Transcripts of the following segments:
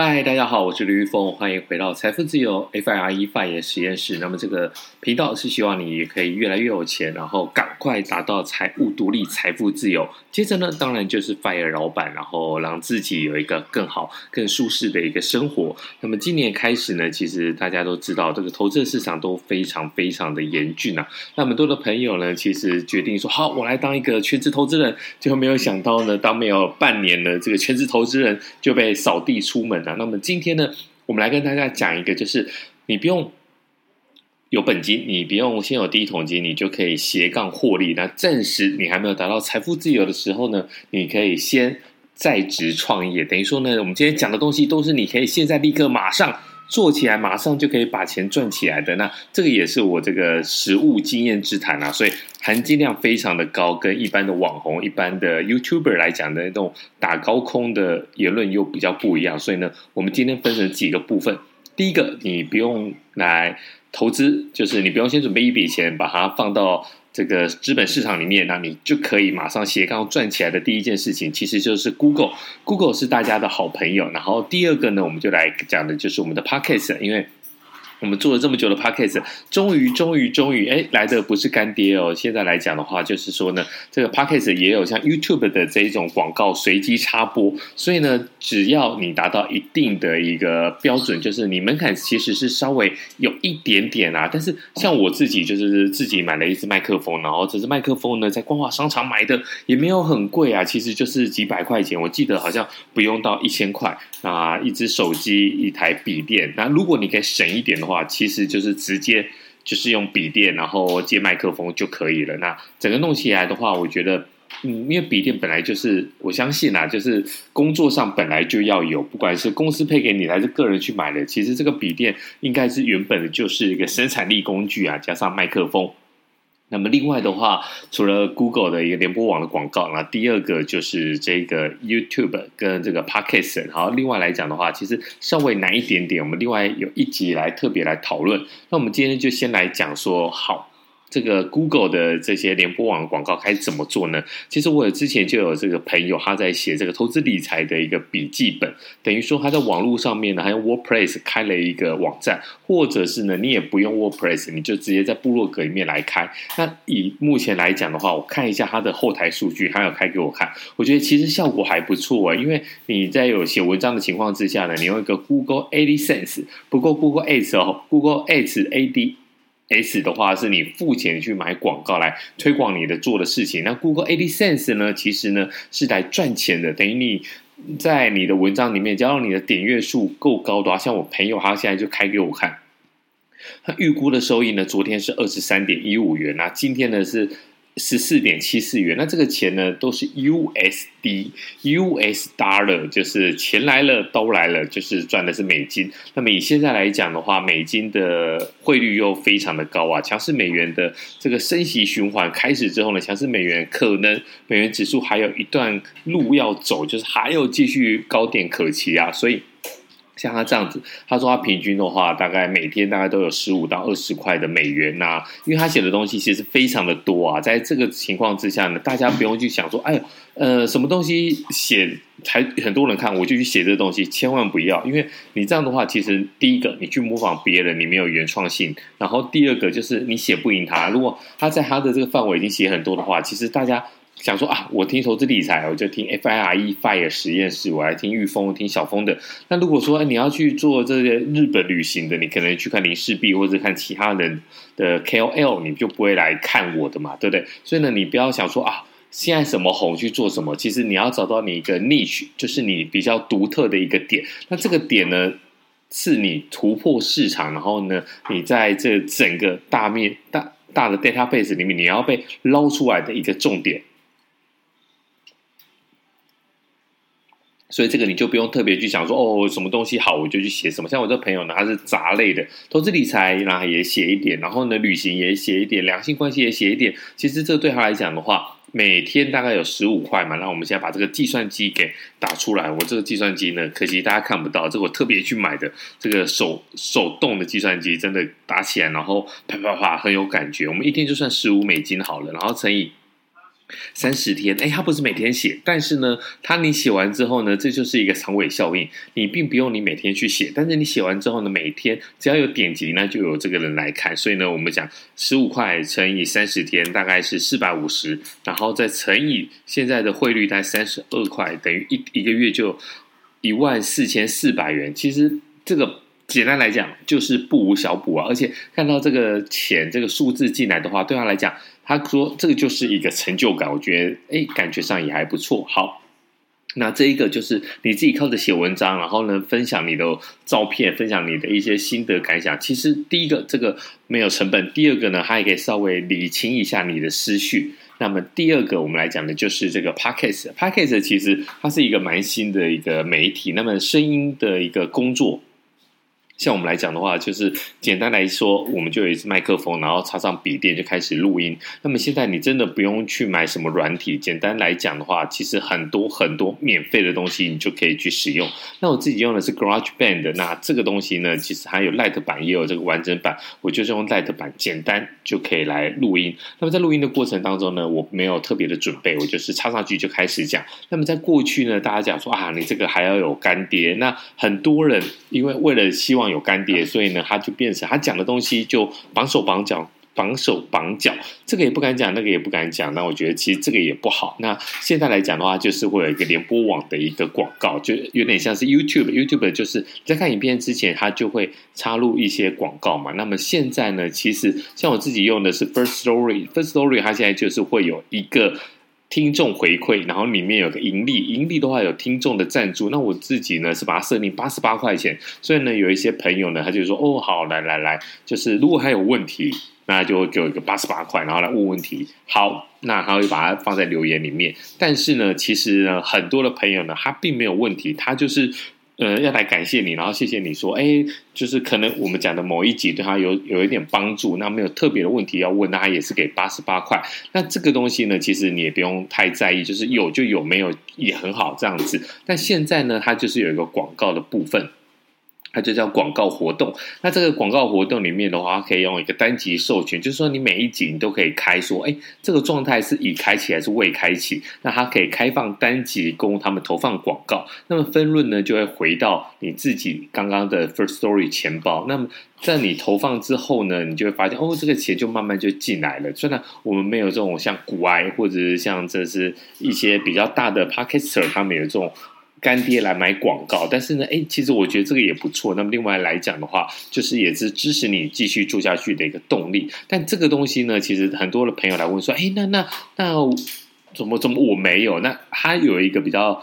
嗨，大家好，我是林裕豐，歡迎回到財富自由 FIRE 發言實驗室。那麼這個頻道是希望你可以越來越有錢，然後趕快達到財務獨立、財富自由。接着呢，當然就是 FIRE 老闆，然後讓自己有一個更好、更舒適的一個生活。那麼今年開始呢，其實大家都知道，這個投資市場都非常非常的嚴峻啊。那麼多的朋友呢，其實決定說好，我來當一個全職投資人，就沒有想到呢，當沒有半年的這個全職投資人就被掃地出門。那麼今天呢，我們來跟大家講一個，就是你不用有本金，你不用先有第一桶金，你就可以斜槓獲利。那暫時你還沒有達到財富自由的時候呢，你可以先在職創業。等於說呢，我們今天講的東西都是你可以現在立刻馬上。做起來馬上就可以把錢賺起來的，那這個也是我這個實務經驗之談啊，所以含金量非常的高，跟一般的網紅、一般的 YouTuber 來講的那種打高空的言論又比較不一樣。所以呢，我們今天分成幾個部分。第一個，你不用來投資，就是你不用先準備一筆錢，把它放到。這個資本市場裡面，那你就可以馬上斜槓賺起來的第一件事情，其實就是 Google。Google 是大家的好朋友。然後第二個呢，我們就來講的就是我們的 p o c a e t 因為。我們做了這麼久的 Podcast，終於終於終於，哎，來的不是乾爹哦。現在來講的話，就是說呢，這個 Podcast 也有像 YouTube 的這一種廣告隨機插播，所以呢，只要你達到一定的一個標準，就是你門檻其實是稍微有一點點啊。但是像我自己，就是自己買了一支麥克風，然後這支麥克風呢，在光華商場買的，也沒有很貴啊，其實就是幾百塊錢，我記得好像不用到一千塊啊。一支手機，一台筆電，那如果你可以省一點的話。話其實就是直接就是用筆電，然後接麥克風就可以了。那整個弄起來的話，我覺得，嗯，因為筆電本來就是，我相信啦、啊，就是工作上本來就要有，不管是公司配給你還是個人去買的，其實這個筆電應該是原本就是一個生產力工具啊，加上麥克風。那麼另外的話，除了 Google 的一個聯播網的廣告，那第二個就是這個 YouTube 跟這個 Podcast。好，另外來講的話，其實稍微難一點點，我們另外有一集來特別來討論。那我們今天就先來講說好。這個 Google 的這些聯播網廣告該怎麼做呢？其實我之前就有這個朋友，他在寫這個投資理財的一個筆記本，等於說他在網絡上面呢，還用 WordPress 開了一個網站，或者是呢，你也不用 WordPress，你就直接在部落格裡面來開。那以目前來講的話，我看一下他的後台數據，他有開給我看，我覺得其實效果還不錯啊。因為你在有寫文章的情況之下呢，你用一個 Google AdSense，不過 Google Ads 哦，Google Ads Ad。S 的話是你付錢去買廣告來推廣你的做的事情，那 Google AdSense 呢，其實呢是來賺錢的，等於你在你的文章裡面，只要你的點閱數夠高的話，像我朋友他現在就開給我看，他預估的收益呢，昨天是二十三點一五元啊，那今天呢是，十四點七四元，那這個錢呢，都是 USD，US dollar，就是錢來了都來了，就是賺的是美金。那麼以現在來講的話，美金的匯率又非常的高啊，強勢美元的這個升息循環開始之後呢，強勢美元可能美元指數還有一段路要走，就是還有繼續高點可期啊，所以。像他這樣子，他說他平均的話，大概每天大概都有十五到二十塊的美元吶、啊。因為他寫的東西其實非常的多啊，在這個情況之下呢，大家不用去想說，哎呦，呃，什麼東西寫還很多人看，我就去寫這個東西，千萬不要，因為你這樣的話，其實第一個你去模仿別人，你沒有原創性，然後第二個就是你寫不贏他。如果他在他的這個範圍已經寫很多的話，其實大家。想說啊，我聽投資理財，我就聽 FIRE f i r e 實驗室，我還聽裕豐、我聽小峰的。那如果說、哎、你要去做這些日本旅行的，你可能去看林氏璧或者看其他人的 KOL，你就不會來看我的嘛，對不對？所以呢，你不要想說啊，現在什麼紅去做什麼。其實你要找到你一個 niche，就是你比較獨特的一個點。那這個點呢，是你突破市場，然後呢，你在這整個大面大大的 database 裡面，你要被撈出來的一個重點。所以這個你就不用特別去想說哦，什麼東西好我就去寫什麼。像我這朋友呢，他是雜類的，投資理財然後也寫一點，然後呢，旅行也寫一點，兩性關係也寫一點。其實這個對他來講的話，每天大概有十五塊嘛。那我們現在把這個計算機給打出來，我這個計算機呢，可惜大家看不到，這個，我特別去買的這個手手動的計算機，真的打起來然後啪啪啪啪，很有感覺。我們一天就算十五美金好了，然後乘以。三十天，誒，他不是每天寫，但是呢，他你寫完之後呢，這就是一個長尾效應，你並不用你每天去寫，但是你寫完之後呢，每天只要有點擊呢，那就有這個人來看，所以呢，我們講十五塊乘以三十天大概是四百五十，然後再乘以現在的匯率在三十二塊，等於一一個月就一萬四千四百元，其實這個。簡單來講，就是不無小補啊！而且看到這個錢，這個數字進來的話，對他來講，他說這個就是一個成就感。我覺得，哎、欸，感覺上也還不錯。好，那這一個就是你自己靠着寫文章，然後呢，分享你的照片，分享你的一些心得感想。其實第一個這個沒有成本，第二個呢，他也可以稍微理清一下你的思緒。那麼第二個，我們來講的就是這個 podcast，podcast 其實它是一個蠻新的一個媒體，那麼聲音的一個工作。像我們來講的話，就是簡單來說，我們就有一支麥克風，然後插上筆電就開始錄音。那麼現在你真的不用去買什麼軟體，簡單來講的話，其實很多很多免費的東西你就可以去使用。那我自己用的是 GarageBand，那這個東西呢，其實還有 Lite 版也有這個完整版，我就是用 Lite 版，簡單就可以來錄音。那麼在錄音的過程當中呢，我沒有特別的準備，我就是插上去就開始講。那麼在過去呢，大家講說啊，你這個還要有乾爹，那很多人因為為了希望有乾爹，所以呢，他就變成他講的東西就綁手綁腳，綁手綁腳，這個也不敢講，那個也不敢講。那我覺得其實這個也不好。那現在來講的話，就是會有一個聯播網的一個廣告，就有點像是 YouTube，YouTube 就是在看影片之前，它就會插入一些廣告嘛。那麼現在呢，其實像我自己用的是 First Story，First Story 它現在就是會有一個。聽眾回饋，然後裡面有個盈利。盈利的話有聽眾的贊助。那我自己呢，是把它設定八十八塊錢，所以呢，有一些朋友呢，他就說哦，好，來來來，就是如果還有問題，那就會給我一個八十八塊，然後來問問題。好，那他會把它放在留言裡面。但是呢，其實呢，很多的朋友呢，他並沒有問題，他就是。呃，要來感謝你，然後謝謝你說，哎，就是可能我們講的某一集對他有有一點幫助，那沒有特別的問題要問，那他也是給八十八塊。那這個東西呢，其實你也不用太在意，就是有就有，沒有也很好這樣子。但現在呢，它就是有一個廣告的部分。它就叫廣告活動。那這個廣告活動裡面的話，它可以用一個單集授權，就是說你每一集你都可以開說，說、欸、誒，這個狀態是已開啟還是未開啟？那它可以開放單集供他們投放廣告。那麼分潤呢，就會回到你自己剛剛的 First Story 錢包。那麼在你投放之後呢，你就會發現哦，這個錢就慢慢就進來了。雖然我們沒有這種像古埃或者像這是一些比較大的 Podcaster，他們有這種。乾爹來買廣告，但是呢，哎、欸，其實我覺得這個也不錯。那麼另外來講的話，就是也是支持你繼續做下去的一個動力。但這個東西呢，其實很多的朋友來問說，哎、欸，那那那怎麼怎麼我沒有？那他有一個比較。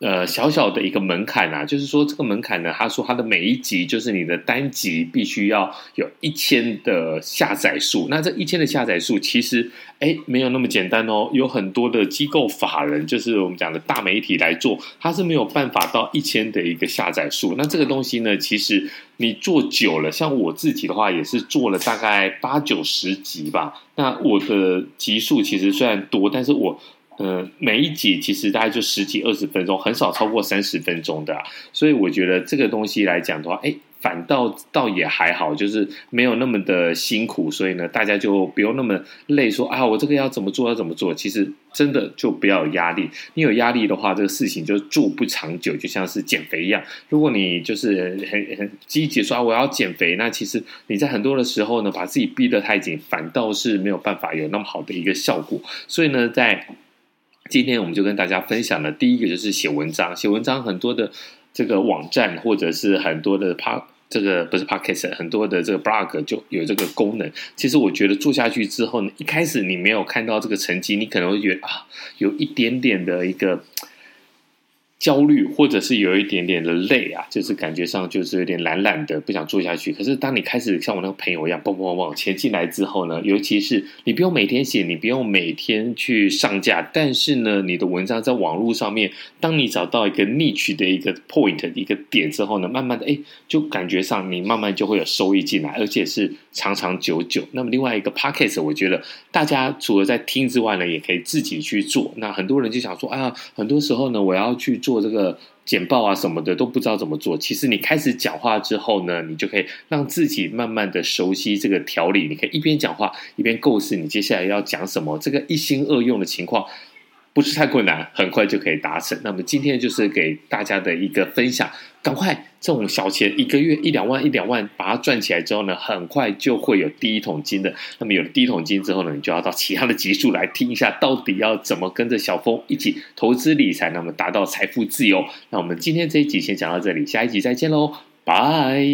呃，小小的一個門檻啊，就是說這個門檻呢，他說他的每一集就是你的單集必須要有一千的下載數。那這一千的下載數，其實，誒，沒有那麼簡單哦。有很多的機構法人，就是我們講的大媒體來做，他是沒有辦法到一千的一個下載數。那這個東西呢，其實你做久了，像我自己的話，也是做了大概八九十集吧。那我的集數其實雖然多，但是我。呃、嗯、每一集其實大概就十幾二十分鐘，很少超過三十分鐘的啊。所以我覺得這個東西來講的話，誒、哎、反倒倒也還好，就是沒有那麼的辛苦。所以呢，大家就不用那麼累說，說啊，我這個要怎麼做要怎麼做。其實真的就不要有壓力。你有壓力的話，這個事情就做不長久，就像是減肥一樣。如果你就是很很積極說啊，我要減肥，那其實你在很多的時候呢，把自己逼得太緊，反倒是沒有辦法有那麼好的一個效果。所以呢，在今天我們就跟大家分享的第一個，就是寫文章。寫文章很多的這個網站，或者是很多的帕，這個不是 podcast，很多的這個 blog 就有這個功能。其實我覺得做下去之後呢，一開始你沒有看到這個成績，你可能會覺得啊，有一點點的一個。焦慮，或者是有一點點的累啊，就是感覺上就是有點懶懶的，不想做下去。可是當你開始像我那個朋友一樣，蹦蹦蹦往前進來之後呢，尤其是你不用每天寫，你不用每天去上架，但是呢，你的文章在網絡上面，當你找到一個 niche 的一個 point 一個點之後呢，慢慢的，哎，就感覺上你慢慢就會有收益進來，而且是。長長久久，那麼另外一個 p o c c a g t 我覺得大家除了在聽之外呢，也可以自己去做。那很多人就想說，啊，很多時候呢，我要去做這個簡報啊什麼的，都不知道怎麼做。其實你開始講話之後呢，你就可以讓自己慢慢的熟悉這個條理。你可以一邊講話一邊構思你接下來要講什麼，這個一心二用的情況。不是太困難，很快就可以達成。那麼今天就是給大家的一個分享，趕快這種小錢一個月一兩萬一兩萬把它賺起來之後呢，很快就會有第一桶金的。那麼有了第一桶金之後呢，你就要到其他的集數來聽一下，到底要怎麼跟着小峰一起投資理財，那麼達到財富自由。那我們今天這一集先講到這裡，下一集再見嘍，拜。